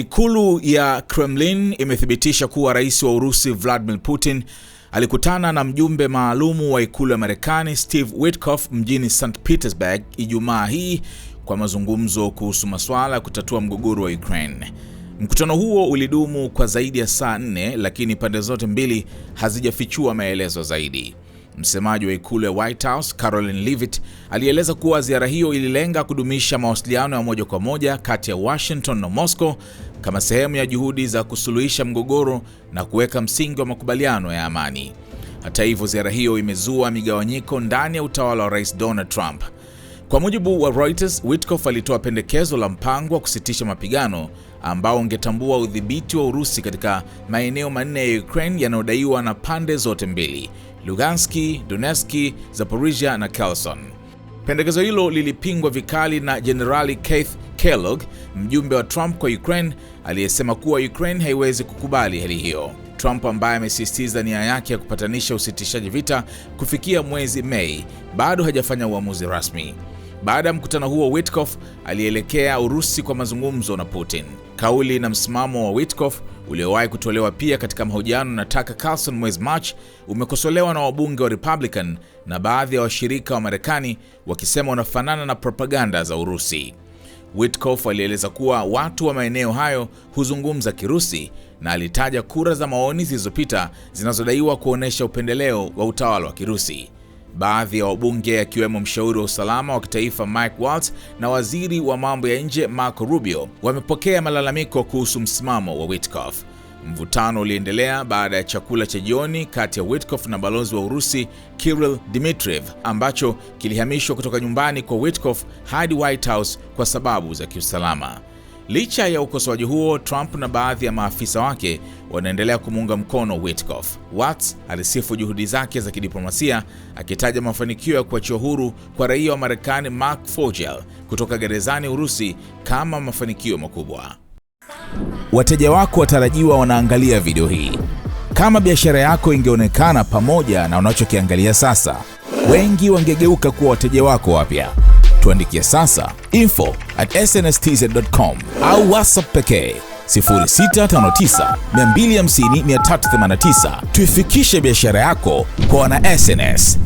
Ikulu ya Kremlin imethibitisha kuwa rais wa Urusi Vladimir Putin alikutana na mjumbe maalumu wa ikulu ya Marekani Steve Witkoff mjini St Petersburg Ijumaa hii kwa mazungumzo kuhusu masuala ya kutatua mgogoro wa Ukraine. Mkutano huo ulidumu kwa zaidi ya saa nne, lakini pande zote mbili hazijafichua maelezo zaidi. Msemaji wa ikulu ya White House Caroline Leavitt alieleza kuwa ziara hiyo ililenga kudumisha mawasiliano ya moja kwa moja kati ya Washington na Moscow kama sehemu ya juhudi za kusuluhisha mgogoro na kuweka msingi wa makubaliano ya amani. Hata hivyo, ziara hiyo imezua migawanyiko ndani ya utawala wa Rais Donald Trump. Kwa mujibu wa Reuters, Witkoff alitoa pendekezo la mpango wa kusitisha mapigano ambao ungetambua udhibiti wa Urusi katika maeneo manne ya Ukraine yanayodaiwa na pande zote mbili: Luganski, Donetski, Zaporizhia na Kherson. Pendekezo hilo lilipingwa vikali na Jenerali Keith Kellogg, mjumbe wa Trump kwa Ukraine, aliyesema kuwa Ukraine haiwezi kukubali hali hiyo. Trump ambaye amesisitiza nia yake ya kupatanisha usitishaji vita kufikia mwezi Mei, bado hajafanya uamuzi rasmi. Baada ya mkutano huo, Witkoff alielekea Urusi kwa mazungumzo na Putin. Kauli na msimamo wa Witkoff uliowahi kutolewa pia katika mahojiano na Tucker Carlson mwezi March umekosolewa na wabunge wa Republican na baadhi ya washirika wa, wa Marekani wakisema unafanana na propaganda za Urusi. Witkoff alieleza kuwa watu wa maeneo hayo huzungumza Kirusi na alitaja kura za maoni zilizopita zinazodaiwa kuonyesha upendeleo wa utawala wa Kirusi. Baadhi ya wabunge akiwemo mshauri wa usalama wa kitaifa Mike Waltz na waziri wa mambo ya nje Marco Rubio wamepokea malalamiko kuhusu msimamo wa Witkoff. Mvutano uliendelea baada ya chakula cha jioni kati ya Witkoff na balozi wa Urusi Kirill Dmitriev ambacho kilihamishwa kutoka nyumbani kwa Witkoff hadi White House kwa sababu za kiusalama. Licha ya ukosoaji huo, Trump na baadhi ya maafisa wake wanaendelea kumuunga mkono Witkoff. Watts alisifu juhudi zake za kidiplomasia akitaja mafanikio ya kuachia huru kwa raia wa Marekani Mark Fogel kutoka gerezani Urusi kama mafanikio makubwa. Wateja wako watarajiwa wanaangalia video hii. Kama biashara yako ingeonekana pamoja na unachokiangalia sasa, wengi wangegeuka kuwa wateja wako wapya tuandikia sasa info at snstz.com au whatsapp pekee 0659 250 Tuifikishe biashara yako kwa wana SNS.